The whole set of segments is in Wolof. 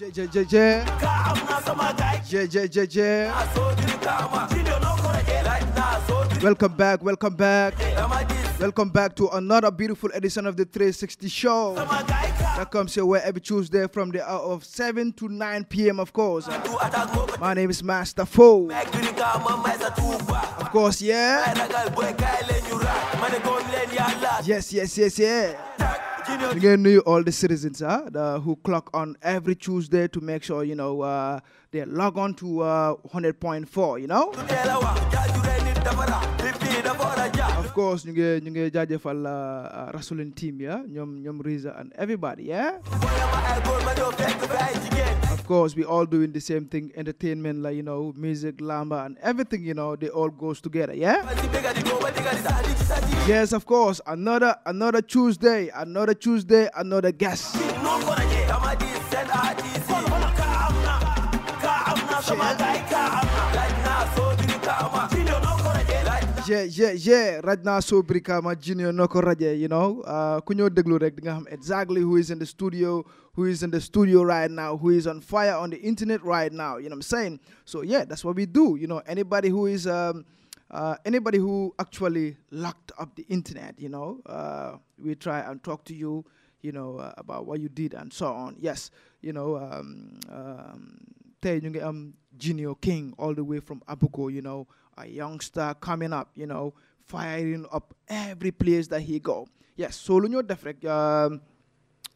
Je je je je. Je je je je. Welcome back, welcome back. Welcome back to another beautiful edition of the 360 show. That comes your way every Tuesday from the hour of 7 to 9 p.m. of course. My name is Master Fo. Of course, yeah. Yes, yes, yes, yeah. Again, you all the citizens are the, who clock on every Tuesday to make sure, you know, uh, they log on to uh, 100.4, you know? Of course, ñu ngi judge for the Rasulin team yeah, ñoom ñoom Riza and everybody yeah. Of course, we all doing the same thing, entertainment like you know, music, lamba and everything you know, they all goes together yeah. Yes, of course, another another Tuesday, another Tuesday, another guest. yeah yeah yeah Right raj naa Sobrika my junior noo ko rajee you know uh, ku ñoo déglu rek di nga xam exactly who is in the studio who is in the studio right now who is on fire on the internet right now you know what I'm saying so yeah that's what we do you know anybody who is um, uh, anybody who actually locked up the internet you know uh, we try and talk to you you know uh, about what you did and so on yes you know um, um, tey am um, Junior King all the way from Abuko you know a youngster coming up, you know, firing up every place that he go. Yes, so lu defrek def rek um,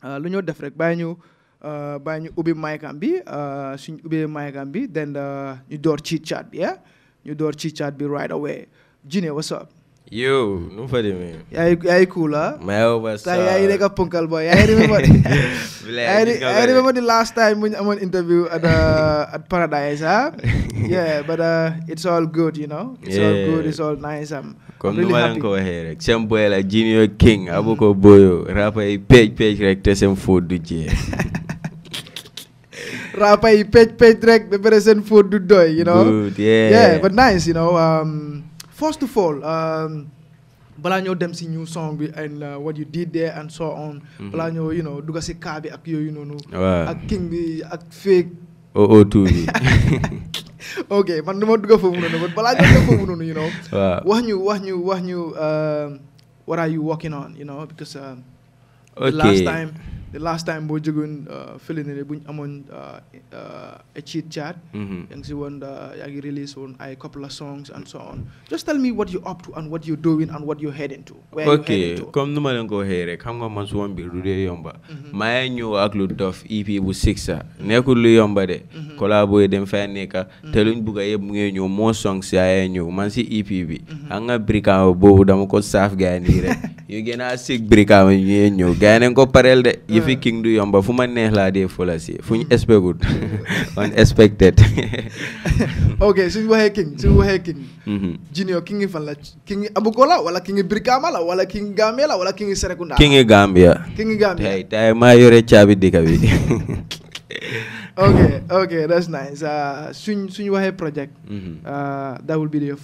uh, lu ñoo def rek by ñu uh, bàyyi ñu ubbi maykam uh, then ñu door chit chat yeah you door chit chat right away. Junior, what's up? Yo, não faria mesmo. E cool e aí cula. Meu, mas. Tá aí, nega punkal boy. I remember. I, I remember the last time when I went interview at uh, at Paradise, huh? yeah, but uh, it's all good, you know. It's yeah. all good. It's all nice. I'm, Comme really happy. Comme here. Sem boy la Junior King, aboko boyo. Rapa i page page rek te sem food du je. Rapa i page page rek be present food du doy, you know. Good, yeah. Yeah, but nice, you know. Um, first of all um, balaa ñoo dem si new song bi and uh, what you did there and so on. Mm-hmm. balaa ñoo dugg si kaa bi ak yooyu noonu. ak king bi ak fake. oo two bi. ok man duma dugg foofu noonu balaa ñoo dugg foofu noonu you know. wax ñu wax ñu wax ñu um, what are you working on you know because. Um, ok last time. the last time boo jógoon uh, fële ne bu ñu amoon a cheat chat. yaa ngi si woon uh, yaa ngi release woon couple of songs and so on just tell me what you up to and what you are doing and what you heading to. where heading to ok comme nu ma ko waxee rek xam nga man su ma du dee yomba. Mm-hmm. ñëw ak lu dof EP bu Sixa nekkul lu yomba de. Mm-hmm. collabo dem fay nekka mm-hmm. te luñ bugg a mu ngi ñëw moo songs yaa ñëw man si EP bi. nga brika boobu dama ko saaf gaay nii rek yu gën a sig ñu ñëw gaay nañ ko pareel de. Ah. king du yomba fu ma neex laa dee folasi fu ñu hmm. expected unexpected ok suñu waxee king suñu waxee king mhm. junior king fan la king abuko la wala king birkama la wala king gambia la wala king serekunda king gambia king gambia tey tey maa yore caabi dëkk bi okay, okay, that's nice. Uh, soon, a project. Mm -hmm. uh, that will be your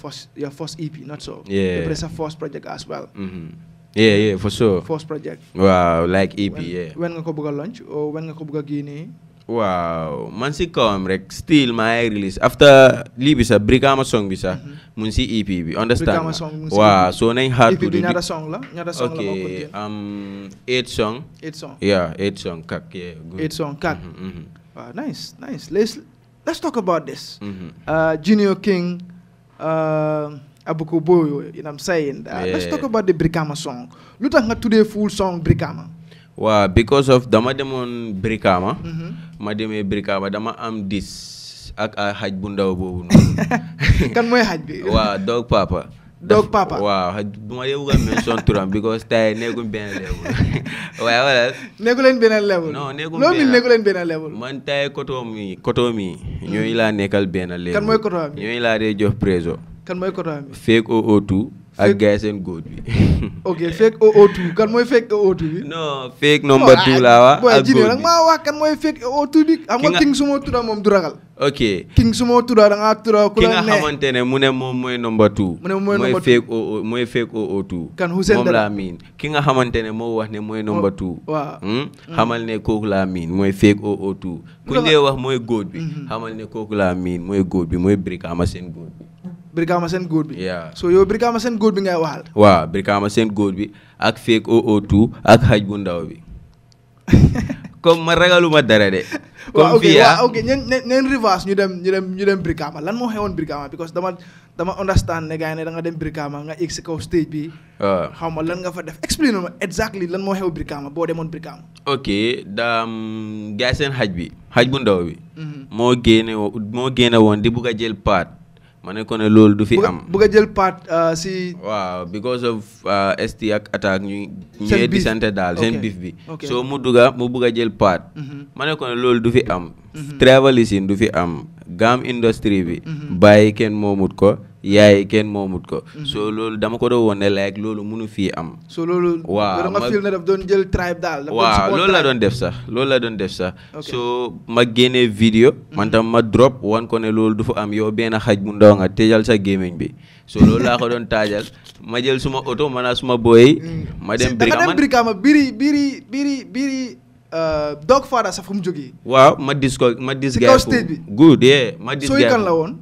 first, EP, not so. Yeah, first project as well. Mhm. yeah yeah for sure. first project. Wow, like EP yeah. when nga ko bëgg a launch or when nga ko bëgg a génnee. waaw man si come, rek still my ngi release after lii bi sax Brikama song bi sax. Mhm. si EP bi understand. Brikama song mu Wow, so waaw so nañ xaar EP bi song la ñaata song la ok um, eight song. eight song yeah eight song kak yeah. eight song kak. Mhm, mhm. waaw nice nice let's let's talk about this. Uh, Junior King. Uh, Abuko ko you know what I'm saying? Uh, yeah. Let's talk about the Brikama song. Look at today full song Brikama. Wow, because of dama demoon Brikama. Mm-hmm. ma demee Brikama dama am dis ak a xaj bu ndaw boobu noonu. kan mooy xaj bi. waaw dog papa. dog papa waaw xaj bu ma dee bëgg a mention turam because tey nekkul benn level. waaye wala. nekkul leen benn level. non nekkul benn loolu nekkul leen benn level. mi koto mi. laa nekkal benn level. kan mooy koto ñoo ñooñu laa dee jox préso. kan mooy kotaam bi. fake oo kan mooy fake OO2 bi. non ah, mooy fake OO2 bi. xam nga king su ne. ki nga xamante ne mu ne moom mooy number two. mu ne kan Hussein moom ki nga xamante ne moo wax ne mooy number oh, two. waaw hmm? Hmm. ne kook laa miin mooy fake OO2. ku wax mooy góor bi. Hmm. xamal ne kooku la miin mooy góor bi mooy brick seen góor bi. Brikama seen góor bi. so seen góor bi ngay waxal. waaw Brikama seen góor bi ak Fake OO2 ak xaj bu ndaw bi comme ma ragaluma dara de. comme fii ah ok ñeen ñeen reverse ñu dem ñu dem ñu dem lan moo xewoon Brikama because dama dama understand ne gars yi ne da nga dem Brikama nga egg si kaw stage bi. waaw xaw ma lan nga fa def explain ma exactly lan moo xew Brikama boo demoon Brikama. ok daam gars seen xaj bi xaj bu ndaw bi. Mm-hmm. moo génne moo génne woon di bugg a jël paat. ma ne ko ne loolu du fi am bugga jël part si. waaw because of ST ak attaque ñu. ñëwee di sante daal seen bif bi. soo mu dugga mu bëgg a jël part. ma ne ko ne loolu du fi am. travel du fi am. gam industrie bi. Mhm. bàyyi kenn moomut ko. yaay kenn moomut ko. Mhm. soo loolu dama ko doon woon ne like loolu mënu fii am. soo loolu. waaw ma film ne daf doon jël tribe loolu la doon def sax loolu la doon def sax. soo ma génnee vidéo. Mhm. man tam ma drop wan ko ne loolu du fa am yow benn xaj bu ndaw nga tëjal sa gémmiñ bi soo loolu laa ko doon taajal ma jël suma oto ma suma booy. Mhm. ma dem Brikama biri biri biri. Euh, Dog Fada sax fu mu jógee. waaw ma dis ko ma dis. si kaw stage bi good yeah sooy hmm? kan la woon.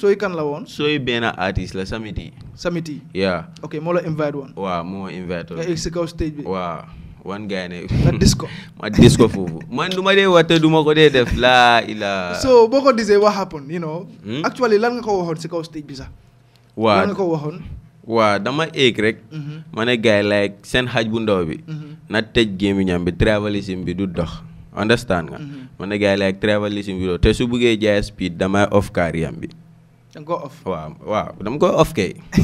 sooy kan la woon. sooy benn artiste la Samiti. Samiti. yeah. ok moo la invite woon. waa moo invite woon. si kaw stage bi. waaw wan gars ne. ma ko ma dis ko foofu man du ma dee wax te ko dee def laa ilaa. so boo ko disee what happened you know. Hmm? actually lan nga ko waxoon si kaw stage bi sax. waaw lan nga ko waxoon. waa dama éeg rek. Mhm. ma ne gars like seen xaj bu ndaw bi. Mhm. na tëj gémmiñam bi travelism bi du dox. understand nga. Mhm. ma ne gars like travelism bi du dox te su buggee jaay speed damay off bi. da nga ko off waaw waaw dama koy off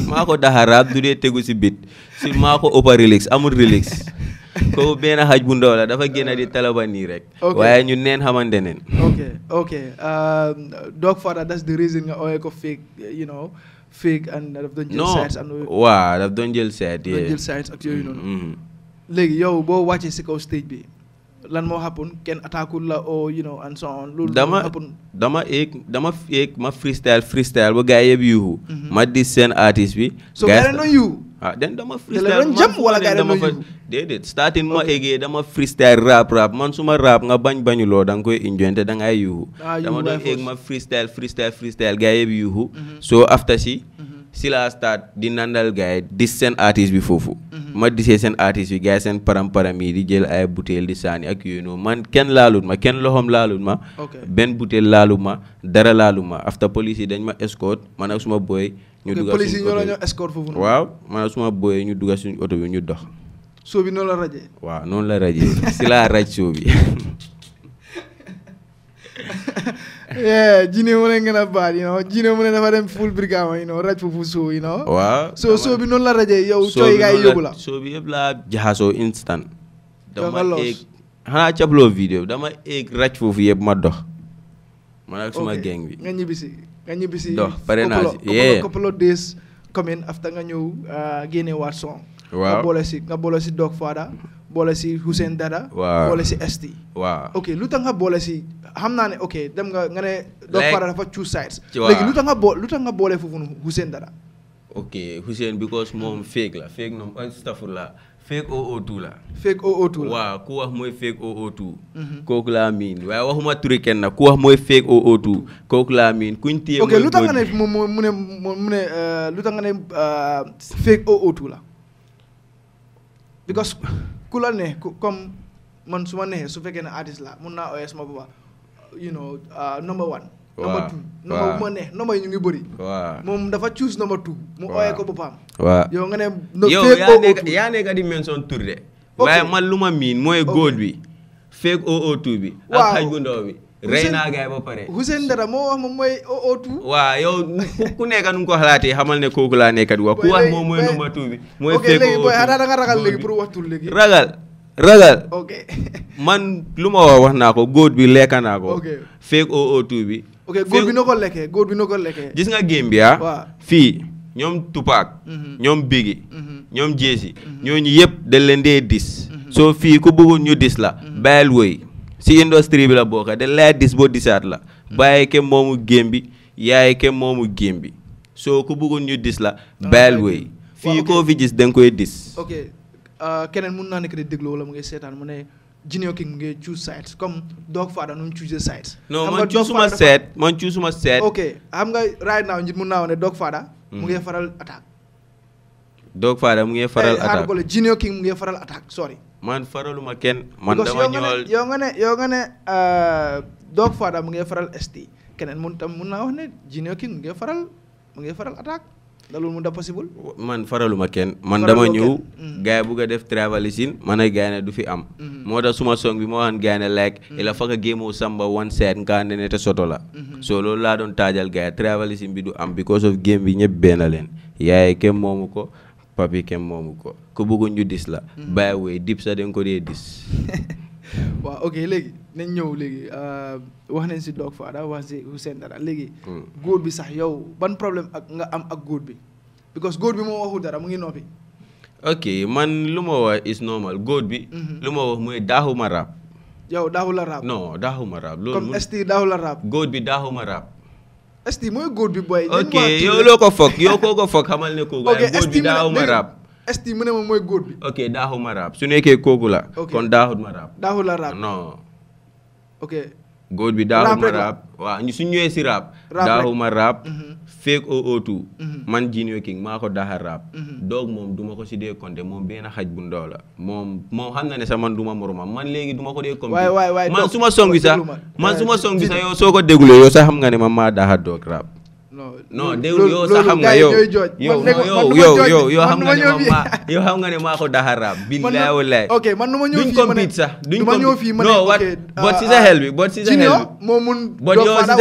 maa ko daxa raab du dee tegu si bit si maa ko ëppa relax amul relax. ko benn xaj bu ndaw la dafa génn di talaba rek. waaye ñu neen xamante neen. ok um, fake and daf doon jël sites am waaw daf yee mm-hmm. léegi yow boo wàccee si kaw stage bi lan moo happen kenn attaquul la o you dama happen dama eeg dama eeg ma freestyle freestyle ba gars yëpp yuuxu mm-hmm. ma dis seen artiste bi so yi doon yuuxu ah den dama freestyle man wala gars dama fa déedéet starting dama freestyle rap man suma ma nga bañ bañuloo da nga koy enjoy te da ngay ah, yuuxu dama doon egg ma freestyle freestyle freestyle gars yëpp yuuxu mhm. soo after si mhm. si la start di nandal gars yi dis seen artiste bi foofu mhm. ma disee seen artiste bi gars yi seen param-param yi di jël ay butéel di saani ak yooyu noonu man kenn laalut ma kenn loxoom laalut ma benn butéel laalu ma dara laalu ma after police yi dañ ma escort man ak suma boy ñu dugal police suma booyee ñu dugal suñu oto bi ñu dox soo bi noonu la rajee waaw noonu la rajee si laa raj soo bi Jine mu ne ngeen a baal you know Jine mu ne noonu la rajee yow cooy gaay la soo bi yëpp laa jaxasoo instant dama eeg xanaa cabloo vidéo dama eeg raj foofu yëpp ma dox man ak suma gang bi Kan nga ñibbi uh, si couple parrainage yee couple days commune after nga ñëw génne wa son wa bolé ci nga bolé si Dog Fada bolé si Hussein Dada bolé ci si ST wa ok lu tax nga bolé si xamna né ok dem nga nga né Dog Fada dafa two sides légui lu tax nga bo lu tax nga bolé fofu Hussein Dada ok Hussein because mom fake la fake non eh, astaghfirullah fake OO2 la. fake OO2 la waaw ku wax mooy fake OO2. Mhm. kooku laa miin waaye waxuma turi kenn ku wax mooy fake OO2 kooku laa miin lu tax nga ne moom mu euh, euh, la. because ku la ne comme man su ma neexee su fekkee ne artiste la mun naa oyee sama bopp you know euh, number one. waaw waaw number bu ma ne number dafa choose number tu mu ooyee ko boppam. waaw yow nga ne. no fake di mention tur de. waaye man lu ma miin mooy góol bi. fake oo oo two bi. waaw ak xaj bu ndaw rey naa gaay ba pare. Hussein Dara moo wax moom mooy oo oo two. waaw yow ku nekk nu ko xalaatee xamal ne kooku laa nekk di wax ku wax moom mooy number two bi. mooy fake oo léegi booy tur léegi. ragal. ragal man lu ma wax wax naa ko góor bi lekka naa ko. ok fake OO2 bi. ok góor bi noo ko lekkee góor bi noo ko lekkee. gis nga Gambia. Ah? waaw fii ñoom Tupac. Mhm. ñoom Biggie. Mhm. ñoom Jay-Z. Mhm. ñooñu yëpp dañ leen dee dis. soo fii ku bëggoon ñu dis la. bàyyil woy si industrie bi la bokk dañ lay dis boo disaat la. bàyyi ke moomu géem bi yaay ke moomu géem bi soo ku bëggoon ñu dis la. bàyyil woy fii koo fi gis da koy dis. Euh, keneen mun naa nekk di déglu wala mu ngi seetaan mu ne Junior King mu ngi choose sides comme Dog Father nu mu choose sides. non man choose suma seet ok xam nga right now nit mun naa wax ne Dog Father. mu mm-hmm. ngi faral attaque. Dog Father mu ngi faral eh, attaque tey Junior King mu ngi faral attaque sorry. man faraluma kenn. man dama ñëwal yow nga ne yow nga ne euh, Dog Father mu ngi faral ST keneen mun tam mun naa wax ne Junior King mu ngi faral mu ngi faral attaque. la loolu mun da possible. man faraluma kenn man dama ñëw. Mm. gars yi bugg a def travelisine man ay gaynde du fi am. Mm. moo tax suma song bi ma waxoon gaynde like. Mm. il a faka samba one side nga soto la. Mm-hmm. so loolu laa doon taajal gars yi bi du am because of game bi ñëpp benn leen yaay kenn moomu ko papi kenn moomu ko ku bëgg ñu dis la. bàyyi wooy dip sa den ko dee dis. waaw ok léegi nañ ñëw léegi euh, wax nañ si Dog Father wax si Hussein dara léegi. Hmm. góor bi sax yow ban problème ak nga am ak góor bi because góor bi moo waxul dara mu ngi noppi. ok man lu ma wax is normal góor bi. Mhm. lu ma wax mooy daaxuma rap. yow daaxula rap. non daaxuma rap. loolu comme ST daaxula rap. góor bi daaxuma rap. ST bi booy. ok yow loo ko foog yow koo ko foog xamal ne koo. ok ST góor bi daaxuma rap. esti ma mooy góor bi. ok daaxu ma su nekkee kooku la. kon daaxut ma bi daaxut ma raab. waaw su ñëwee si raab. daaxu ma raab. feeg oo ootu. man Junior King maa ko raab. Mhm. doog moom du ko si dee compter moom benn xaj bu ndaw la moom moom xam na ne sax man du ma moromam man léegi duma ko dee compter. waay waay waay man su ma songi sax man su ma songi sax soo ko dégloo yow sax xam nga ne ma maa daaxa doog raab. non déwul yow sax xam nga yow yow yow yow yow xam nga ne ma yow xam nga ne maa ok man nu ma ñëw fii duñ compete sax duñ compete non wat ah, bot si sa xel bi bot si sa xel bi moo mun bot yow si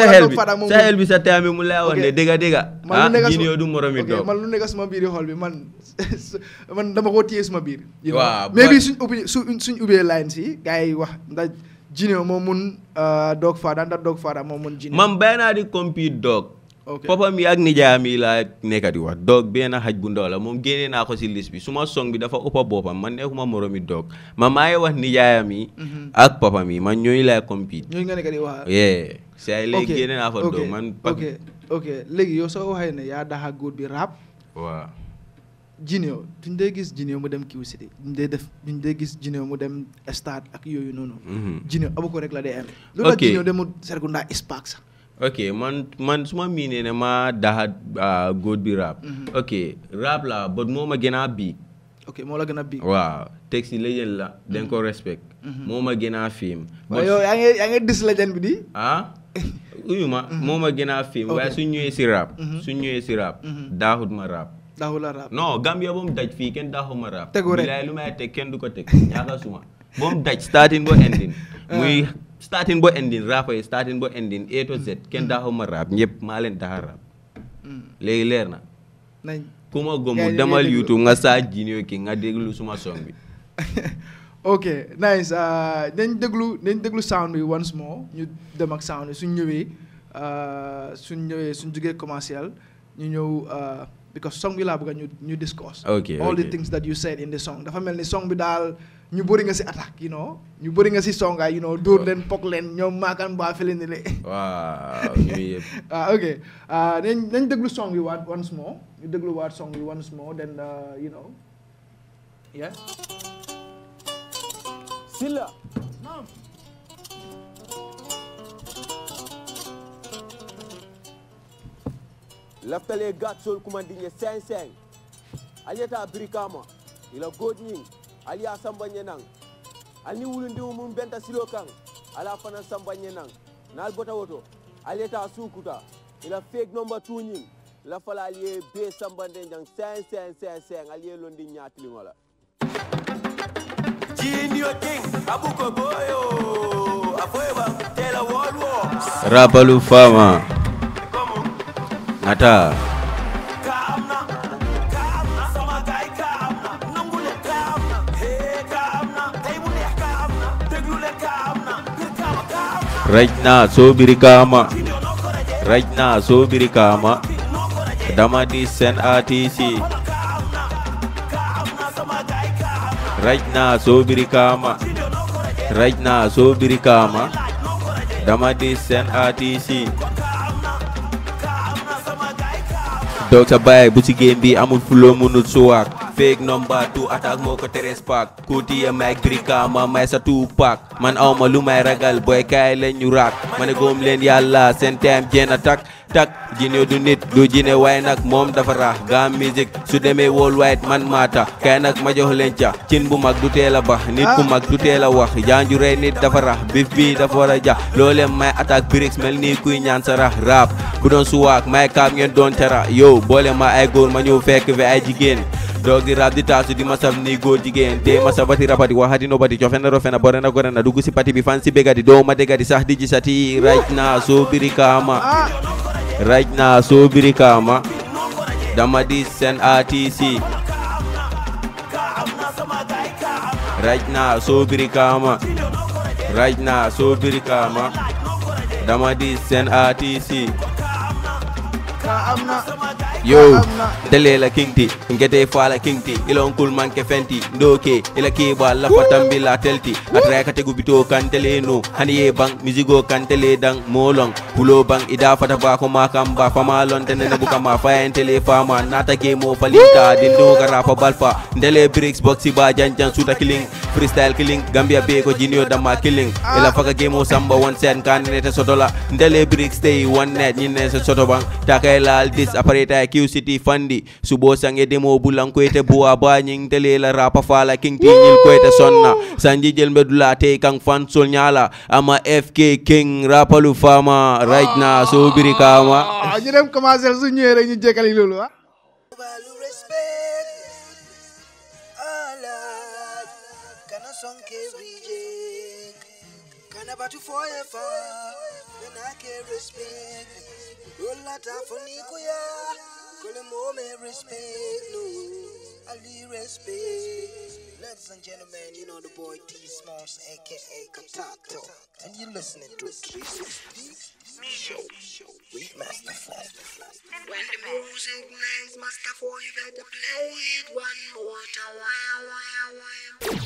sa xel bi sa xel bi bi mu lay wax ne dégg dégg man lu ah, nekk suma biir xol bi man man dama koo téye suma biir waaw bi suñ ubbi suñ ubbee line si gars yi wax ndax jin yow moo mun ah, dog faada ndax dog faada moo mun jin man bay naa di compete dog papam yi ak nijaayam yi laa nekka di wax doog benn xaj bu ndaw la moom génnee naa ko si liste bi suma ma song bi dafa ëpp boppam man nekkuma moromi doog ma maa wax nijaayam yi mhm. ak papam yi man ñooñu laay compete ñooñu nga nekka man ok ok léegi yow soo waxee ne yaa góor bi rap waaw Junior duñ dee gis Junior mu dem kiw city duñ def duñ dee gis Junior mu dem stade ak yooyu noonu mhm. Junior abu ko rek la dee am lu tax Junior demul Serekunda Sparks ok man man su ma miinee ne ma daha ah, góor bi rap. Mhm. ok rap la but moo ma gën a biig. ok moo la gën a biig. waaw texte yi legend la. dañ mhm. respect. Mhm. moo ma gën a film. waaye yow yaa ah? ma moo a film. waaye su ñëwee si rap. su ñëwee si rap. daaxut ma rap. daaxut la rap daj fii kenn ma rap. tegu rek lu may teg kenn du ko teg ñaaka suma ba daj starting ba ending. muy ah. starting bo ending rap yi starting bo ending A to Z kenn mm. daaxuma rap ñëpp maa leen daaxa rap mm. léegi leer na ku ma gëmul demal YouTube nga saa Junior King nga déglu suma song bi ok nice ah, nañ déglu nañ déglu sound bi once more ñu dem ak sound bi ah, suñ ñëwee suñ ñëwee suñ jógee commercial ñu ñëw ah, because song bi laa bëgg ñu ñu discuss all the things that you said in the song dafa mel ni song bi daal ñu bëri nga si attaque you know ñu bëri nga si songa you know dóor leen pok leen ñoom maakan baa fele ni le waaw ñuy yëpp ah, ah song you want once more ñu déglu waat song you once more then uh, you know yeah Sila, no. laftale gatol kuma dinye sen sen aliyata brikama ila godning aliya samba nyenang alni wulundimu mum benta silo kan ala fana samba nyenang nal bota woto ta sukuta ila fake number tuñin la fala aliye be sambande jang 5555 aliye londi ñatilingola jinio ting abuko boyo ba tela wolwo rabalu fama nata rajna soobirikaama rajna soobirikaama dama di seen ATC dama di seen ATC donc sa baay bu ci game bi amul fuloo mënul suwaak fake number two attaque moo ko teres paak ku tiye mic drika ma may sa tuupaak man awma lu may ragal boy kaay leen raak ma ne leen yàlla seen time jeen attaque tak jinne du nit du jinne way nak mom dafa rax ga music su deme wool white man mata kay nak ma jox len ca cin bu mag du tela bax nit bu mag du tela wax jaanju re nit dafa rax bif bi dafa wara ja lolé may attaque brix melni kuy ñaan sa rax raap bu su suwaak may kaab ngeen don tera yo bolé ma ay góor ma ñew fekk fi ay jigen dogi di rap di tasu di masam ni góor jigéen te bati rapati no bati jofena rofena borena gorena dugg si pati bi fansi si begati ma degati sax di ji sati right na so birikama rajna sobiri kama dama dis sen atc rajna sobiri kama rajna dama dis sen atc ka yo dele la kingti ngete fa la kingti ilon kul manke fenti ndoke ila ke ba la fatambi la telti kate ka tegu kantele no haniye bang musigo kantele dang molong pulo bang ida fata ba ko kamba, ba fama lon tene na buka ma fa entele fama nata ke mo falinta dindo kara fa balfa ndele bricks boxi ba janjan suta killing freestyle killing gambia beko ko jinio dama killing ila faka gemo samba one sen kanete sotola ndele bricks stay one net nyine soto bang takay lal dis apareta kiw fandi subo sange demo bulan ko buah buwa tele nying telela rapa fala king tinyil ko te sonna sanji jel medula te kang fan sol nyala ama fk king lu fama right na so biri kama ñu dem commencer su ñëw rek ñu jékali lolu forever, then I respect. Roll out for me respect, no, I respect. Ladies and gentlemen, you know the boy T Smalls, aka Katato, and you're listening to 360 Show with Masterful. When the music plays, Masterful, you better play it one more time.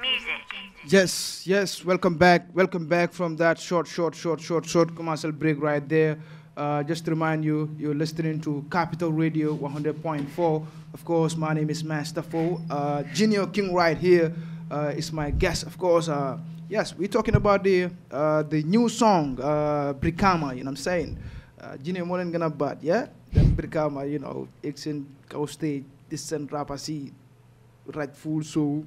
Music. Yes, yes, welcome back. Welcome back from that short, short, short, short, short commercial break right there. Uh, just to remind you, you're listening to Capital Radio 100.4. Of course, my name is Masterful. Uh, Junior King right here uh, is my guest. Of course, uh, yes, we're talking about the uh, the new song, uh, Brikama, you know what I'm saying? Uh, Junior more than gonna bad, yeah? Then Brikama, you know, it's in our stage, this rap, I see, rightful soul.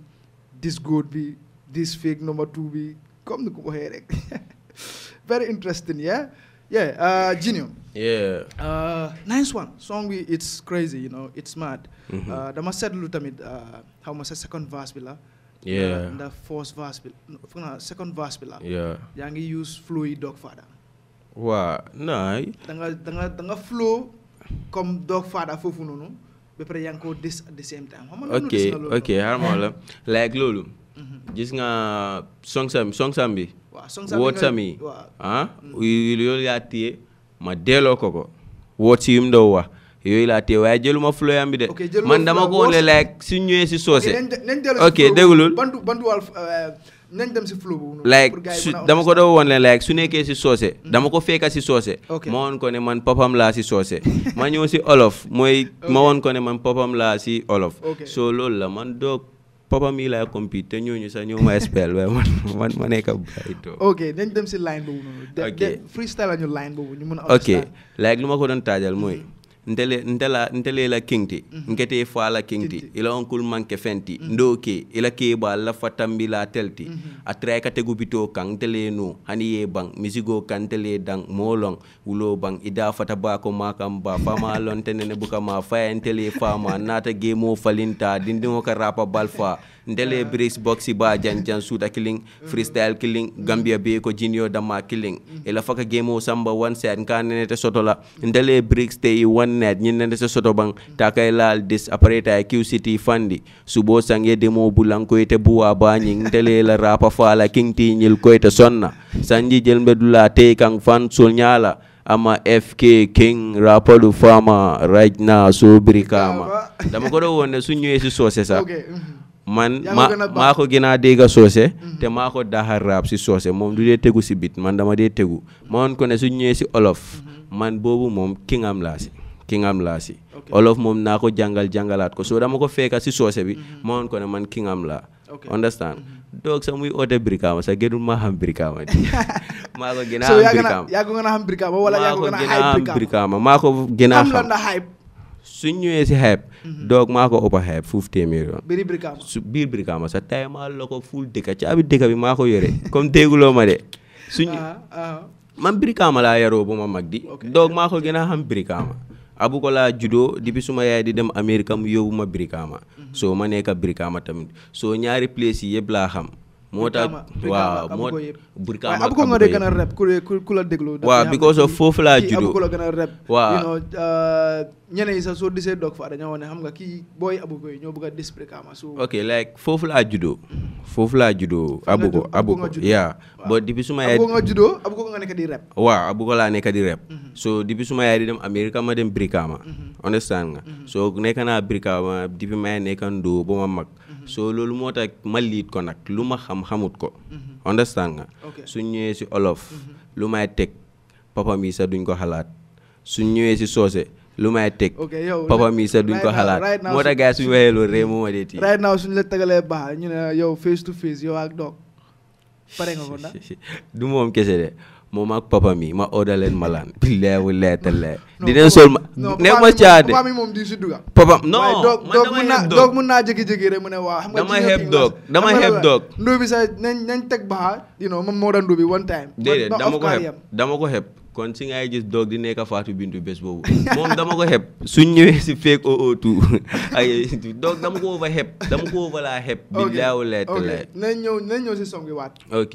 this good be, this fake number two be, come to go ahead. Eh? Very interesting, yeah? Yeah, uh, Genio. Yeah. Uh, nice one. Song, we, it's crazy, you know, it's mad. mm mm-hmm. must Uh, the Masad Lutamid, uh, how much second verse bila. Yeah. The, first verse bila. Second verse bila. Yeah. Yangi use fluid dog father. Wow, nah. Tengah tengah tengah flow comme dog father fofu nonu. Be pare yang this at the same time. Okay, okay, harmala. Like lulu. Mhm. gis nga song sam song sam bi. waaw song sam woot sam yi ma delloo ko ko woot si yim doo wax yooyu laa téye waaye jëluma floyam bi de. man dama ko wane like si ñëwee si soose. ok déglul euh, like su dama ko doon woon su nekkee si soose. Mhm. dama ko fekka si soose. ma woon ko ne man papam laa si soose. ma ñëw si olof mooy ma woon ko ne man papam laa si olof. soo loolu la man doog. papa mii laa compete te ñooñu sax ñoo ma spell waaye man ma nekk ab gars ok dañ dem si line boobu la ñu line boobu ñu mën a. ok like lu ma ko doon taajal mooy. Mhm. ndele ndela ndele la kingti mm ngete fo la kingti ila onkul manke fenti mm -hmm. ndoke ila ke ba la fatambi la telti mm -hmm. bito kan tele no hani ye bang misigo kan tele dang molong ulo bang ida fata ba ko makam ba fama lon tenene buka ma fayen tele fama nata gemo falinta dindingo ka rapa balfa ndele brace boxi ba jan jan suta killing mhm. freestyle killing mhm. gambia be ko junior dama killing mhm. ila faka gemo samba one side kan nene te sotola ndele bricks te one net nyinende so soto bang takai lal dis apareta kiu city fandi subo sange demo bulang ko ite buwa ba nying tele la rapa fala king ti nyil ko ite sonna sanji jelmbe dula te kang fan sul nyala ama FK King rapolu fama right now so birikama dama ko do su ñewé ci sosé sa man maa ko gën a dégg mhm. te maa ko daaxal si soose moom du dee tegu si bit man dama dee tegu ma woon ko ne su ñëwee si olof mhm. man boobu moom kingam laa kingam laa si olof moom naa ko jàngal jàngalaat ko soo dama ko fekka si soose bi mhm. ma woon ko ne man kingam laa understand mhm. donc sa muy oote Brikama sa gënul maa xam Brikama di maa ko gën a xam Brikama a a a si xeeb mhm. donc maa ko ëpp a sa tay maa la fuul dëkka caabi dëkka bi maa ko yore comme dégguloo ma de suñ ah, ah. man Brikama laa yaroo bu ma mag di donc maa ko gën a xam Brikama abu ko laa juddoo depuis suma yaay di dem Amérique mu yóbbu ma Brikama mhm. soo ma nekk Brikama tamit soo ñaari place yi yëpp laa xam motax waaw moo burkama waaye abu ko nga de gën a rep ku ku la déglu waaw because of foofu laa judo abu ko la gën a rep waaw you know ñene uh, yi sax soo disee dog fa dañoo wane xam nga kii booy abu ko ñoo ya, bëgg a dis burkama so ok like foofu laa judo foofu laa judo abu ko abu ko yeah bo depuis suma yaay abu ko nga judo abu ko nga nekk di rap. waaw abu ko laa nekk di rap. Mhm. so depuis suma yaay di dem america ma dem burkama mhm. understand nga mhm. so nekk naa burkama depuis ma nekkan do ba ma mag soo loolu moo tax ma liit ko nag lu ma xam xamut ko mm-hmm. understand nga suñ ñëwee si olof mm-hmm. lu may teg papam yi sax duñ ko xalaat suñ ñëwee si soose lu may teg papa mi sax duñ ko xalaat moo tax gars suñu waxee loolu rek moo ma dee tii suñu la tegalee baax ñu ne yow face to face ak dog pare nga du moom kese de moom ak papa mi ma oda leen malaan billaay wallaay di dinañ sol ma neew ma caade papa moom di si duga papa non man doog naa jékki-jékki rek mu ne waa xam dama xeeb doog dama xeeb doog nduubi sax nañ nañ teg baax you know moom moo daan nduubi one time déedéet dama ko xeeb kon si ngay gis doog di nekk Fatou Bintou bés boobu moom dama ko xeeb su ñëwee si feek oo oo tout ay doog dama ko fa xeeb dama ko fa laa xeeb billaay wallaay tallaay nañ ñëw nañ ñëw si song bi waat ok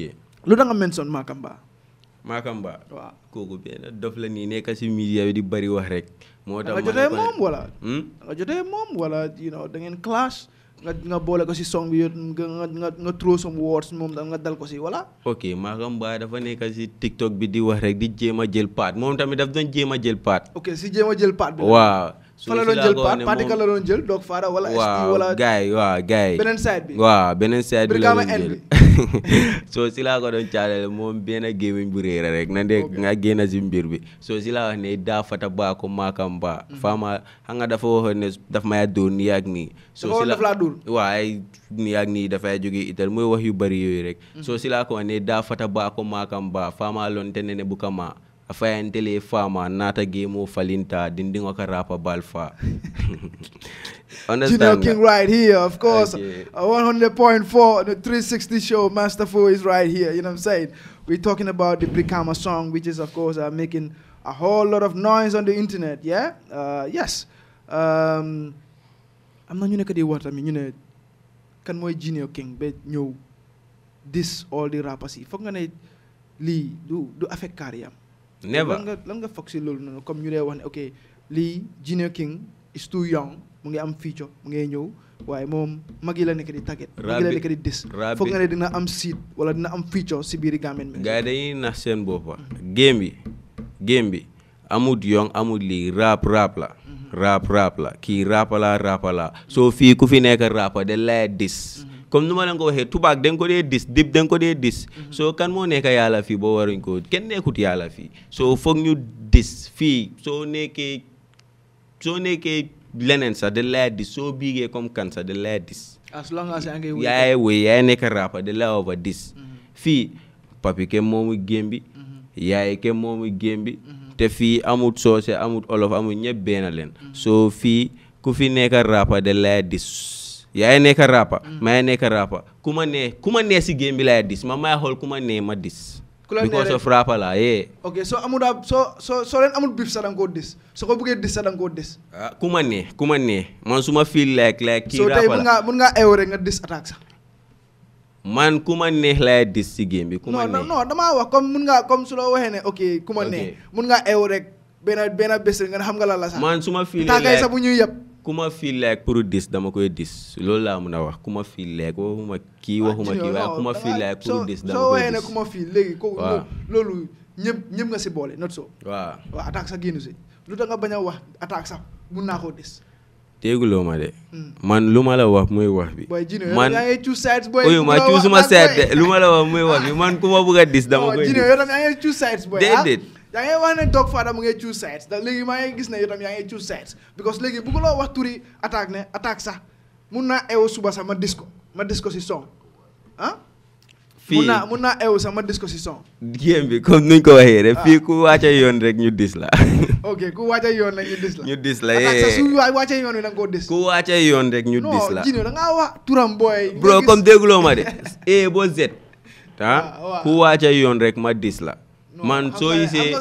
Makamba. Waaw kooku benn dof la nii nekk si media bi di bari wax rek. moo tax ma jotee moom wala. nga hmm? jotee moom wala you know da ngeen clash. nga nga boole ko si song bi nga nga nga throw some words mom tam nga dal ko si wala. ok Makamba dafa nekk si tiktok bi di wax rek di jéem a jël paat moom tamit daf doon jéem jël paat. ok si jéem a jël paat bi. waaw. fa la doon jël part parti la wala. waaw wala gars yi waaw gars yi la doon jël soo si moom benn gémmiñ bu réere rek na nga génn si mbir bi soo si laa wax ne daa fata baa ko maakam baa mm-hmm. faama xam dafa waxoon ne daf may dóor nii ak nii soo si ital mooy wax yu bari yooyu rek mm-hmm. soo si laa ne daa fata baa maakam baa faama loon te ne maa afa entele fama nata gemo falinta dindingo rapa balfa Understand Junior King right here of course okay. uh, 100.4 the 360 show Masterful is right here you know what I'm saying we're talking about the Brikama song which is of course uh, making a whole lot of noise on the internet yeah uh, yes um, am not ñu what I mean. You know, can kan Junior King but you, this all the rappers if I'm gonna du du affect career. never lan nga lan nga foog si loolu noonu comme ñu lay wax ne ok lii Junior King is too young mu ngi am feature mu ngay ñëw waaye moom mag yi la nekk di tàgget. mag yi la nekk di dis. foog nga ne dina am seed wala dina am feature si biir Gambian music. gars yi dañuy nax seen boppa game bi game amut young amut lii rap rap la. Mhm. rap rap la kii rap la rap soo fii ku fi nekk rap de lay dis. comme nu ma leen ko waxee tubaab da nga ko dee dis dib da nga ko dee dis mhm. soo kan moo nekk yàlla fii boo waruñ ko kenn nekkut yàlla fii soo foog ñu dis fii soo nekkee soo nekkee leneen sax da lay dis soo biigee comme kan sax da lay dis as long as yaa ngi yaay wéy yaay nekk rappa da lay over dis mhm. fii papi kenn moomu géem mhm. yaay kenn moomu géem te fii amut soose amut olof amut ñëpp benn leen so fii ku fi nekk rappa da lay dis ay nekk rapa mm. ay nekk rapa Kuma ne, kuma ne ci si game bi lay ya dis ma may ya xool kuma ne ma dis because of rapa la ye ok so amul so so so len amul bif sa dang ko dis so ko bëggee dis sa dang ko dis ah, kuma ne. kuma ne man suma feel like like ki rapa so tay mun ngaa mun ew rek nga dis attack sa man kuma ne lay ya dis ci game bi kuma ne non dama wax comme mën nga comme su la waxee ne ok kuma ne mën nga ew rek bena benn bés nga xam nga la la sax man suma feel like tagay sa bu ñuy ku ma fii leeg pour dis dama koy dis loolu laa mën a wax ku ma fii leeg waxuma kii ah, waxuma kii waaye ku ma fii ah, leeg pour dis dama koy dis soo waxee ne ku ma loolu ñëpp ñëpp nga si boole not so waaw waaw attaque lu tax bañ a wax attaque sax mun naa koo dis dégguloo ma de hmm. man lu ma la wax muy wax bi man uyu ma cuusuma seet de lu ma la wax muy wax bëgg a dis dama koy dis ah. déedéet yaa ngi ne Fada mu ngi choose sides da legi ma ngi gis ne itam yang ngi choose sides because léegi bëgguloo wax turi attaque ne attaque sa, mun na eewu suba sa ma dis ma si song ah fii mun na mun na ma si song diem bi comme nuñ ko waxee re fi ku wacha yon rek ñu dis la ok ku wacha yon rek ñu dis la ñu dis la attaque sax eh. su wàcce yoon wi nang ko ku wacha yon rek ñu dis la non da turam boy bro comme deglo ma E bo Z ta, ah, ku wacha yon rek ma dis la man soo yisee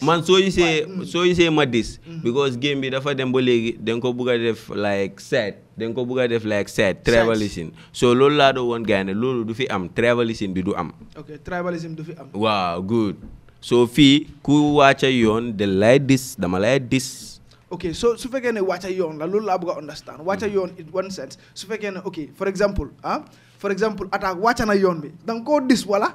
man mm. soo yisee soo yisee ma dis mm. because game bi dafa dem ba léegi danga ko bugg a def like set danga ko bugg a def like set tribalism so loolu laa doon woon gars loolu du fi am tribalism bi du am ok tribalism du fi am waaw good so fii ku wàcca yoon de lay dis dama lay dis ok so su fekkee ne wàcca yoon la loolu laa bëgg a understand wàcca yoon in one sense su fekkee ne ok for example ah for attaque wàcca na yoon bi danga koo dis wala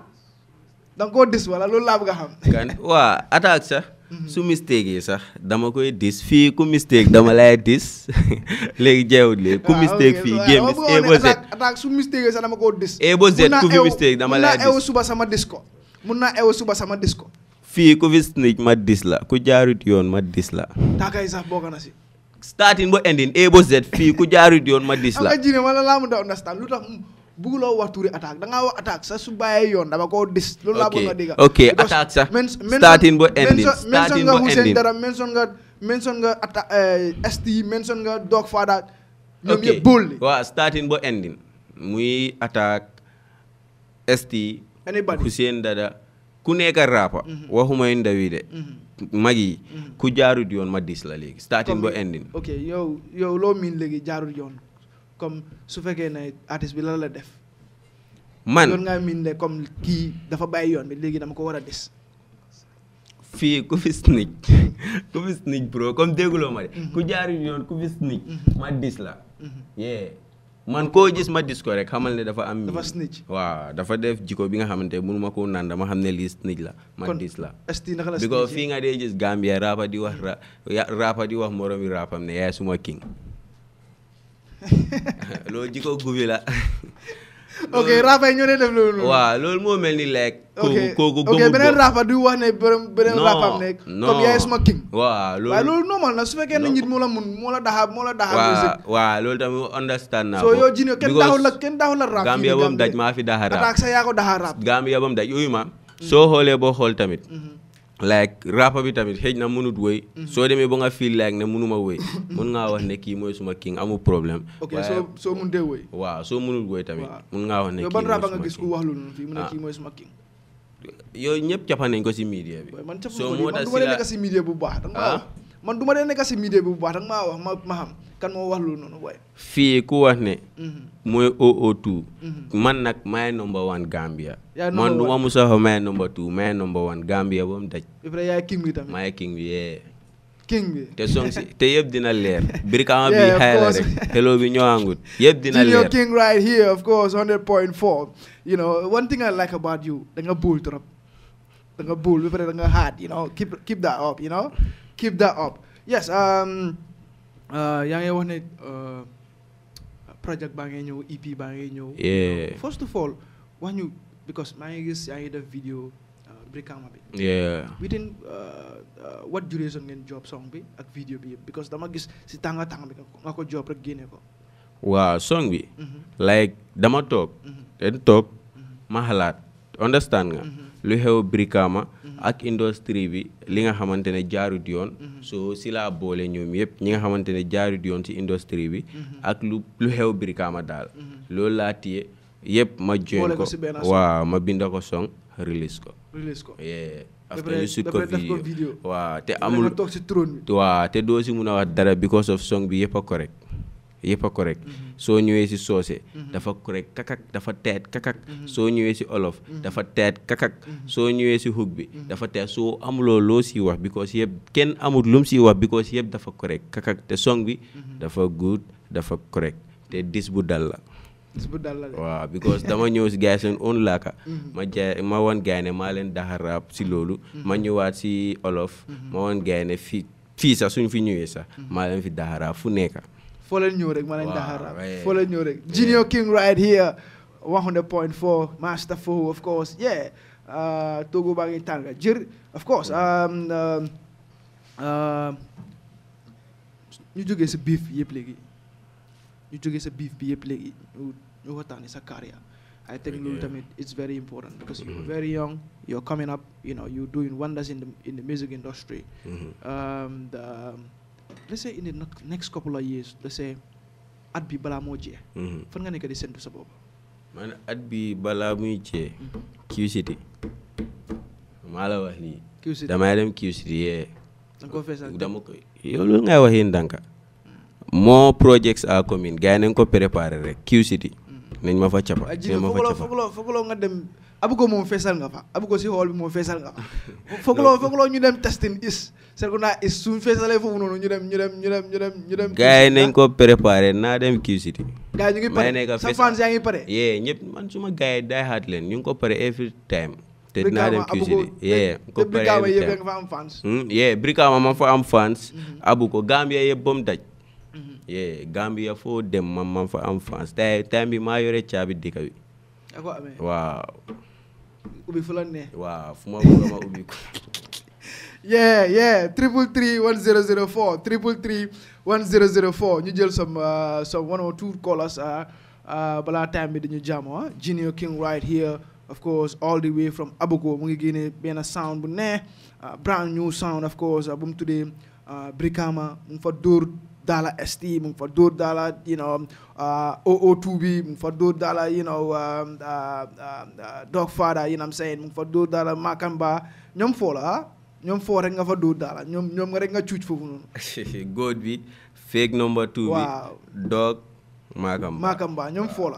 da nga koo dis wala loolu laa bëgg a xam. kan waa attaque sax. Mhm. su mistake yi sax dama koy dis fii ku mistake dama lay dis léegi jeewut léegi ku ah, mistake fii game is A ba Z attaque su mistake yi sax dama koo dis. A Z ku fi dama lay dis suba sama dis ko mun naa ew suba sama dis ko. fii ku fi snitch ma dis la ku jaarut yoon ma dis la. taakay sax bokk na si. starting ba ending A Z fii ku jaarut yoon ma dis la. am na ji ne ma la laa mun a understand lu tax mm. bugguloo wax turi attaque da nga wax attaque sa su baye yon dama ko dis lu la bu nga diga ok attaque sa starting bo ending starting bo ending mention nga Hussein Dara mention nga mention nga eh, ST mention nga Dog Father ñoom yëpp bool wa starting bo ending muy attaque ST Hussein Dara ku nekk raapa mhm. waxuma ndawi de mhm. magi mhm. ku jaarut yon ma dis la legi starting bo ending ok yow yow lo min legi jaarut yon comme su fekkee ne artiste bi lan la def. man yoon ngaa miin ne comme kii dafa bàyyi yoon bi léegi dama ko war a des. fii ku fi snitch ku fi snitch bro comme dégguloo ma de. ku mhm. jaar yoon ku fi snitch mhm. ma dis la. Mhm. yee man koo gis ma dis ko rek xamal ne dafa am. dafa snitch waaw dafa def jiko bi nga xamante mënu ma koo naan dama xam ne lii snitch la ma dis la because fii nga dee gis Gambia rapa di wax ra ya- rapa di wax moromi rapam ne yaay suma king. loolu jikko gubi la. ok Rafa ñoo ne def loolu. waaw loolu moo mel ni lekk. kooku kooku gëmu ok beneen Rafa du wax ne beneen beneen Rafa am nekk. non comme yaay suma king. waaw loolu waaye loolu normal na su fekkee ne nit moo la mun moo la daxa moo la daxa. waaw waaw loolu tamit understand naa ko. soo yoo ji ne kenn daxul la kenn daxul la rap. Gambia ba mu daj maa fi daxa rap. attaque sax yaa ko daxa rap. Gambia ba mu daj yooyu ma. soo xoolee boo xool tamit. Mm-hmm. like rappa bi tamit xëy na mënut wëy mhm. soo demee ba nga feel like ne mënuma wëy mhm. mën ngaa wax ne kii mooy suma king amul problème soo soo mën waaw soo mënut wëy tamit mën ngaa wax ne yow ban rappa wax loolu noonu fii mu ne ah. kii mooy suma king yooyu ñëpp cappan nañ ko si media bi soo si la man du ma dee si media bu baax danga ah? maa man du ma dee nekk si media bi bu baax danga maa wax ma ma xam kan moo wax loolu noonu booy. fii ku wax ne. Mhm. mooy OO2. Mhm. man nag maay number one Gambia. man du ma musa fa maay number two maay number one Gambia ba mu daj. Ibrahima yaay king bi tamit. maay king bi yee. king bi te song si te yëpp dina leer. Brikama bi xay la rek hello bi ñëwaangut yëpp dina leer. King right here of course 100.4 you know one thing I like about you da nga bool trop da bool ba pare da hard you know keep that up yes. Um, Euh, yaa ngi wax ne euh, project baa ngay ñëw EP baa ngay ñëw. first of all wax ñu because maa ngi gis yaa ngi def vidéo uh, Brikama bi. within uh, uh, what duration ngeen job song bi ak vidéo bi yëpp because dama gis si tànga tàng bi nga ko job rek génne ko. waaw song bi. Mm-hmm. like dama toog. den mm-hmm. toog mm-hmm. ma xalaat understand nga. lu xew Brikama ak industrie bi li nga xamante ne jaarut yoon mhm. so si laa boole ñoom yëpp ñi nga xamante ne jaarut yoon si industrie bi mhm. ak lu lu xew Brikama daal mhm. loolu laa tiye yëpp ma join ko waa ma binda ko song release ko release ko yee after ñu te amul waaw te doo si mun a wax dara because of song bi yëpp a rek yëpp a correct mhm. soo ñëwee si soose mhm. dafa correct kakak dafa teet kakak mhm. soo ñëwee si olof dafa teet kakak soo ñëwee si hug bi dafa teet soo amuloo loo si wax because yëpp kenn amul lum si siy wax because yëpp dafa correct kakak te song bi dafa good dafa correct te dis bu dal la waaw because dama ñëw si gars seen own ma jaay ma woon gars ne maa leen daxa rap si loolu ma ñëwaat si olof ma woon gars ne fii fii sax suñ fi ñëwee sax maa leen fi daxa fu nekka Follow leen ñëw rek ñëw Junior King right here 100.4 Master of course yeah uh, Togo baa tànga Jir, of course um, um, um, ñu you sa biif bi You léegi ñu jógee sa biif bi play. léegi ñu waxtaane a career. I think loolu it's very important because you're mm-hmm. very young you're coming up you know you're doing wonders in the in the music industry mm-hmm. um, the, let's say in the next couple of years let's say at bi balaa moo jee mhm. fan nga nekk di séntu sa boobu man at bi balaa muy jee mhm. QCity maa la wax nii QCity damay dem QCity yee dama ko yow ngay wax yi ndànka mm. moo projects à commune gars yi nañ ko préparé rek QCity mm. nañ ma fa cappa nañ ma fa cappa abu ko moom feesal nga fa abu ko si xool bi moom ñu dem testing is Serikunda is suñ foofu noonu ñu dem ñu dem ñu dem ñu gars yi nañ ko préparé naa dem Q City gars yi ñu ngi pare sa fans yaa ngi pare yee ñëpp man suma gars yi die hard leen ñu ngi ko pare every time te dinaa dem Q City yee ko pare am fans hmm, yee Brikama ma fa am fans mhm. abu ko Gambia yëpp ba mu daj mhm. yee Gambia foo dem man man fa am fans time bi maa yore caabi dëkk bi waaw ubbi fu la neex. waaw fu ma bëgg ma ubbi ko. yeah yeah triple three one zero zero four triple three one zero zero four ñu jël some uh, some one or two callers uh, uh, balaa time bi dañu jàmm ah. Junior King right here of course all the way from Abuko mu ngi génne benn sound bu neex uh, brand new sound of course bu mu tuddee Brikama mu fa dóor. Dala ST mu ngi fa dóor Dala you know O2 bi mu ngi fa dóor Dala you know uh, uh, uh, Dog Father you know mu ngi fa dóor Dala Makamba ñoom foo la ah? ñoom foo rek nga fa dóor Dala ñoom ñoom rek nga cuuc foofu noonu. góor bi fake number two bi. Dog Makamba ñoom foo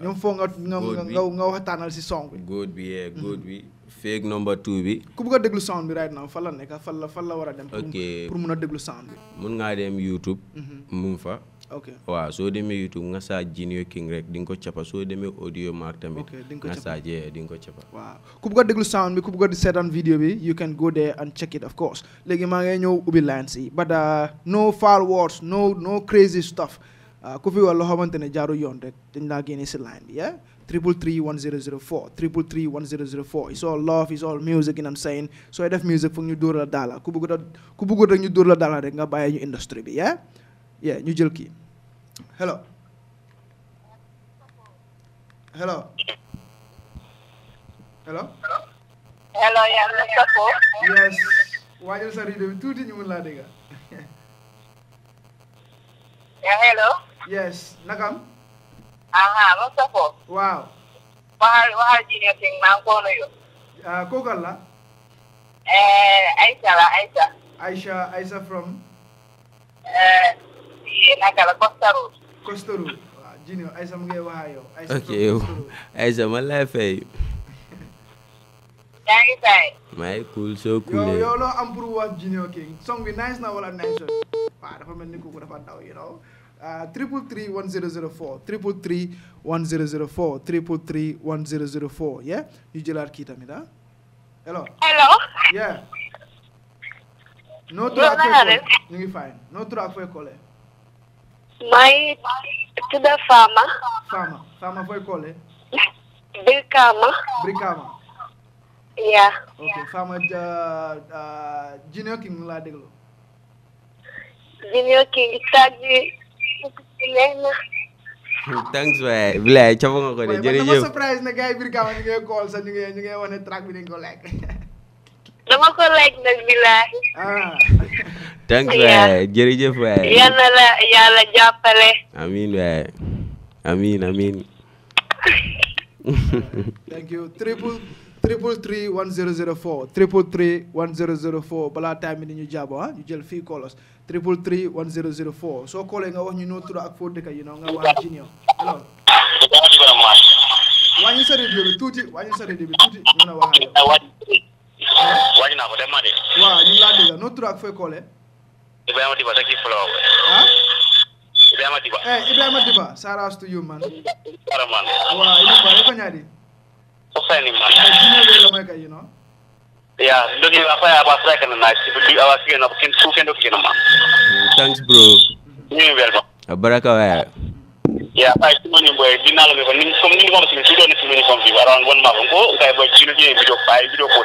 ñoom foo nga nga nga waxtaanal si song bi. góor bi eh, góor bi. feeg number two bi. ku bëgg a déglu sound bi right now fan la nekk fan la fan la war a dem. ok pour mun a déglu sound bi. mun ngaa dem YouTube. Mhm. mu fa. waaw soo demee YouTube nga saa Junior King rek di nga ko cappa soo demee audio mark tamit. nga saa jee di nga ko cappa. waaw ku bëgg a déglu sound bi ku bëgg a seetaan video bi you can go there and check it of course léegi maa ngi ñëw ubbi lines yi but uh, no foul no no crazy stuff uh, ku fi wax loo xamante ne jaaru yoon rek dañ laa génne si line triple three one zero zero four triple three one zero zero four it's all love it's all music you know what I'm saying so I def music for new dollar dollar daala ku bëggut a ku bëggut rek ñu dóor la daala rek nga bàyyi ñu industrie bi yeah yeah ñu jël hello hello hello hello ya, yes waajal sa rido bi tuuti ñu mun laa dégga yeah hello yes nakam aha Moustapha waaw waxal waxal Junior Singh maa ngi ko nuyu ah, kooku la eh, Aïcha la Aïcha Aïcha Aïcha from eh, si naka la Costa Road Costa Road ah, Junior Aïcha mu ngi waxa yow ok Aïcha man lay fay yaa ngi fay maa ngi cool soo cool yow loo bi nice na dafa mel ni kooku dafa daw you Ah, triple three one zero zero four triple three one zero zero four triple three one zero zero four yeah ñu jëlaat kii tamit ah hello hello yeah noo tur ak ñu ngi fine noo tur ak fooy eh? kole maa ngi tudd Fama Fama Fama fooy kole eh? Brikama Brikama yeah ok Fama ah, Junior King laa déglu Junior King taji thanks waay bilaay cofa nga ko de jërëjëf dama surprise na gars yi biir kaw ñu ngay kool sax ñu ngay ñu ngay wane track bi dañ ko lekk dama ko laaj nag bilaay thanks waay jërëjëf waay yal na la yàlla jàppale amiin waay amiin amiin thank you triple triple three one zero zero four triple three one zero zero four balaa time bi ni ñu jàpp ah ñu jël fii kolos triple three one zero zero four So koolee nga wax ñu noo tur ak foo dëkk yi nga wax junior alors. wàññi sa radio bi tuuti wàññi sa radio bi tuuti ñu mën a wax ak yow. wàññi naa ko dem ma de. waaw ñu ngi laa dégg noo tur ak fooy koolee. Ibrahima Diba rek ci flow. ah. Ibrahima Diba. eh Ibrahima Diba. Eh, Sarah to you man. Sarah man. waaw Ibrahima ko kan, ñaari. Hussein Iman. Yeah, looking up I was recognized. It would be our skin of kin who can do Thanks, bro. You're welcome. Berapa ya? Ya, I see nih boy. Dinner me when some new comes in. She don't see many from one month ago. I was video video video four.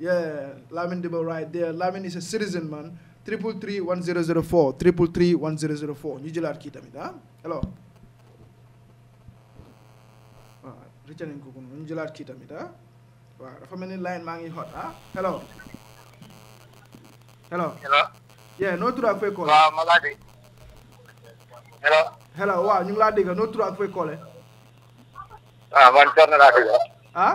Yeah, Lamin Debo right there. Lamin is a citizen, man. Triple three one zero zero four. Triple three one zero zero four. zero zero four ñu jëlaat kii tamit ah alors waaw rëcc nañ ko ñu jëlaat kii tamit ah waaw dafa line maa hot ah hello hello hello yeah no tur ak fooy koole waaw hello hello waaw ñu ngi laa No noo tur ak ah one Thierno laa dégg ah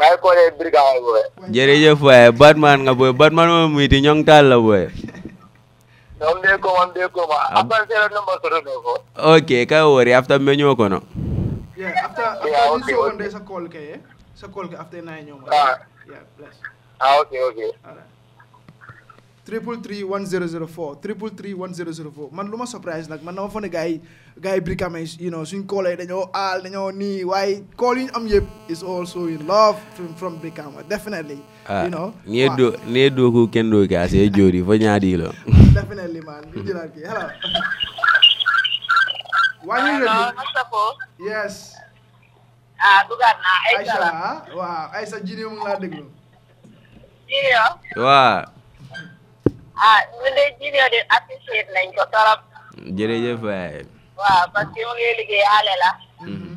maa ngi koolee Brikama Batman nga booy Batman moom muy ti ñoŋ taal la booy. donc des wori after me ñoo kono. triple three one zero zero four triple three one zero zero four man lu ma surprise nag man na foog ne gars yi gars yi Brikama dañoo aal dañoo nii waaye kool yi ñu am is also in love from from definitely. ni e do kenn do kaa see joori fa ñaadi definitely man ñu jëlaat kii hello. waa ñu ngi ah, la ah, waaw waaw. ah ñun junior de apprécié nañ ko torop. jërëjëf waay. waaw parce que mu ngi liggéey xale la. Mhm.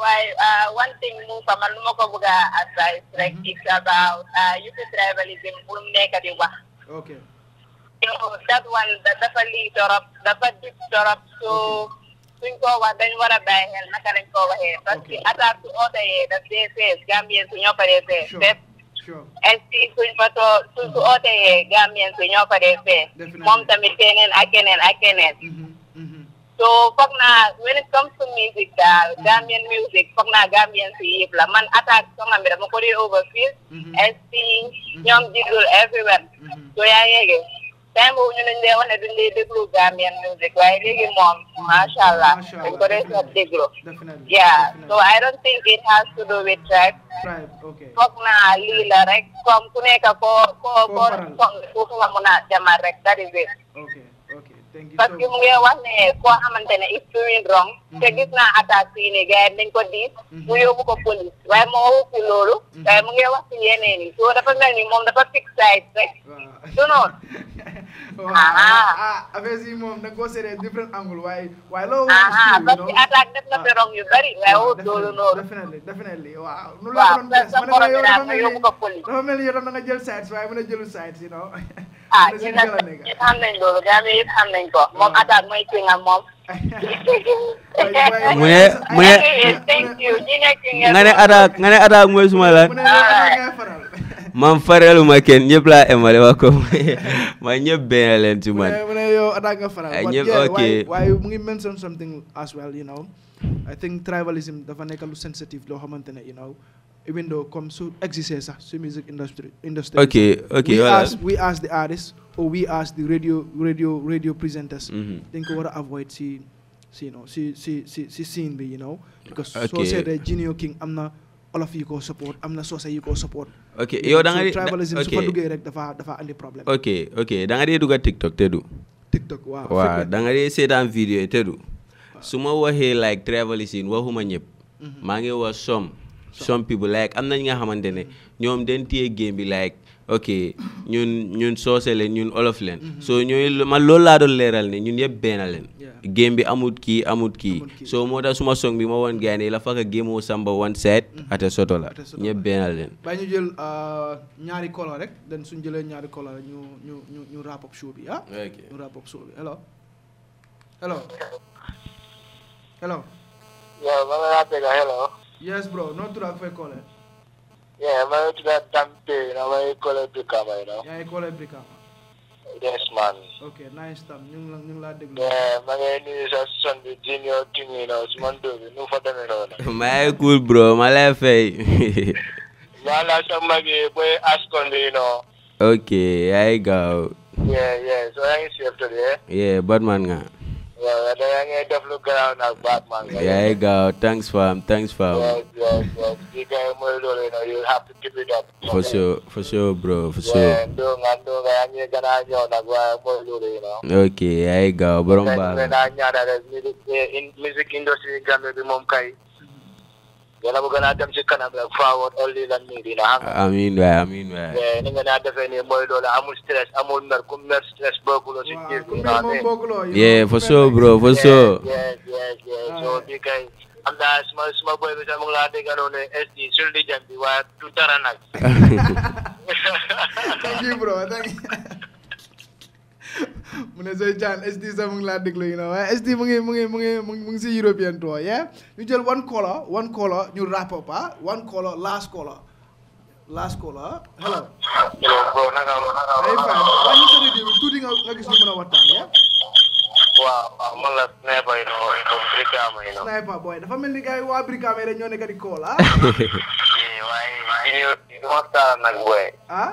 waaye ah, one thing mu fa man lu ma ko bëgg a advice rek it's about ah, youth tribalism bu mu di wax. ok yow that one dafa lii torop dafa dig torop so suñ ko wax dañ war a bàyyi xel naka lañ ko waxee. parce que attaque su oto yee daf dee fees Gambien su ñoo paree fees. NC suñ fa too suñ ko ootee Gambien si ñoo ko dee fee moom tamit keneen ak keneen ak keneen so foog naa when it comes to music daal mm-hmm. music foog naa Gambian si yëpp la man attaque soo xam ne dama ko dee overfeel mm-hmm. NC mm-hmm. ñoom jigul everywhere so yaa yeegee time boobu ñu nañ dee wax ne duñ dee déglu Gambian music waaye léegi moom macha allah dañ ko dee sax déglu so I don't think it has to do with tribe foog naa lii la rek comme ku nekk ko ko ko song foofu nga mun a demal parce que mu ngi wax ne koo xamante ne it's doing wrong te gis naa attaque yi ne gars yi ko diis mm-hmm. mu yóbbu ko police waaye moo waxu loolu mm-hmm. waaye mu ngi wax ci yeneen yi soo dafa mel ni moom dafa fix side rek du noonu ah. Ah, ah affaire yi moom da nga koo seetee different angle waaye waaye loolu ah, ah parce que attaque def na fi rong yu bëri waaye waxu loolu noonu definitely definitely waaw nu la doon des ma ne la yow dafa mel ni dafa mel you know ah ñun nag ñëpp xam nañ loolu Gambie ko mm. eh, man faralu ma kenn ñëpp laa emale waa ko ma ñëpp benn leen ci man. mu ne yow attaque nga faral. ñëpp ok waaye mu ngi mention something as well dafa nekk lu sensitive loo xamante ne you know. window comme su existé sax su music industry industry ok ok we voilà ask, we the artists or we ask the radio presenters mhm. dañ ko war a avoid si si you si si si si scene bi you know because soo seetee Junior King am na olof yi ko support am na soose yi ko support ok yow da nga di tribalism su fa duggee rek dafa dafa andi problème ok ok da nga te du TikTok waaw da nga dee seetaan vidéo te su ma waxee like tribalism waxuma ñëpp mhm. maa ngi som some bu like am na ñi nga xamante ne ñoom den téye game bi like ok ñun ñun soose leen ñun olof leen mm-hmm. so ñooy man loolu laa doon leeral ne ñun yëpp benn leen game bi amut kii amut kii so moo tax suma song bi ma woon gars yi la faka géemoo samba one side mm-hmm. ate soto la ñëpp benn leen ba ñu jël euh, ñaari kola rek den suñ jëlee ñaari kola ñu ñu ñu ñu wrap ah? bi hello hello Yes, bro. Not to that fair color. Eh? Yeah, I'm out to that Dante, you know, I call it Bricama, you know. Yeah, I call it Bricama. Yes, man. Okay, nice time. Nyung lang nyung ladig. Yeah, mga ini sa son Virginia thing, you know, it's smando, no fata na na. My cool bro, my life. Wala sa mga boy ask on, you know. Okay, I go. Yeah, yeah. So I see after the. Yeah, Batman nga. Yeah waaw da ngay def lu garaaw nag Batman. yaay gaaw thanks fam thanks fam. waaw waaw waaw lii you know you have to keep it up. for sure for sure bro for sure. ok I gaaw borom baax music industry Gambia yàlla bëgg naa dem ci kanam rek forward only la nii dina xam amiin waay I'm ni nga naa defee nii mooy loolu amul stress amul mer ku mer stress booguloo si biir bi nga xam ne for sure bro for sure yes yes yes so bi i am naa suma suma boy bi sax mu to laa on the SD sul di jam bi waaye du dara nag thank you bro thank you mu ne SD esti samung laa déglu yi na waaye esti mu ngi mu ngi mu ngi mu ngi si European tour ya. ñu jël one color one color ñu rap pa one color last color last color hello hello bro naka naka ay fa wa ñu sori di tuuti nga nga gis ñu mëna waxtaan yeah waaw la sniper ino ino brikama ino. sniper boy dafa mel ni gars ñoo nekk di call ah waaye waaye waxtaan nag boy ah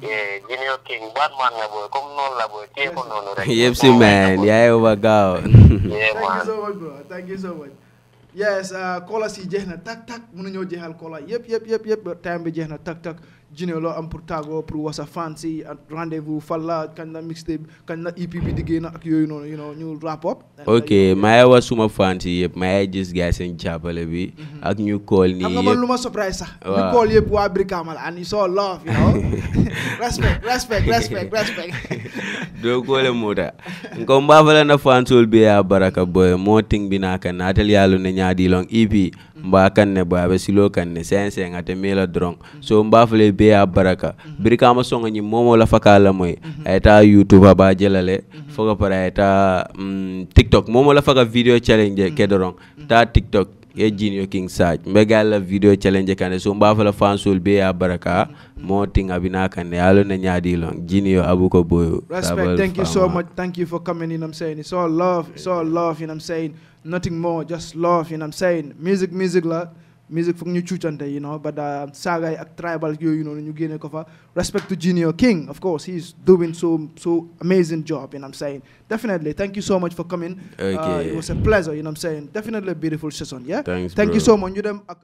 Junior King Batman là bữa cũng non là bữa kia con nó đấy. EFC man, yeah, over go. yeah, Thank you so much, bro. Thank you so much. Yes, uh, kola si jehna tak tak muna nyo jehal kola. Yep, yep, yep, yep. Time be jehna tak tak. jine lo am pour tago pour wasa fancy rendez-vous falla kan na mixtape kan na EP bi di na ak yoy non you know ñu wrap up ok maya was suma fancy yëpp maya gis gars sen jàppale bi mhm. ak ñu call ni. yëpp xam nga surprise sax ñu call yep wa Brikama and you so love you know respect respect respect respect doo koole ko mbafa la na fansol bi ya baraka boy mo ting bi kan atel yàllu ne long EP mba kan ne ba be silo kan ne sen sen ate mela drong so mba fle be a baraka mhm. birka ma so ni momo la faka la moy mhm. eta youtube ba jelale mhm. foga para eta mm, tiktok momo la faka video challenge ke drong ta tiktok ye jinio king saj mbegala video challenge kane so mba fansul be a baraka mo ting abina ne alo ne nyaadi long jinio abuko boyo respect thank you so much thank you for coming in i'm saying it's all love it's all love you know i'm saying nothing more just love you know what saying music music la music foog ñu cuucante you know but saagaay tribal yooyu noonu ñu génne ko fa respect to Junior King of course he's doing so so amazing job you know what I'm saying definitely thank you so much for coming uh, it was a pleasure you saying definitely a beautiful session yeah thank you so much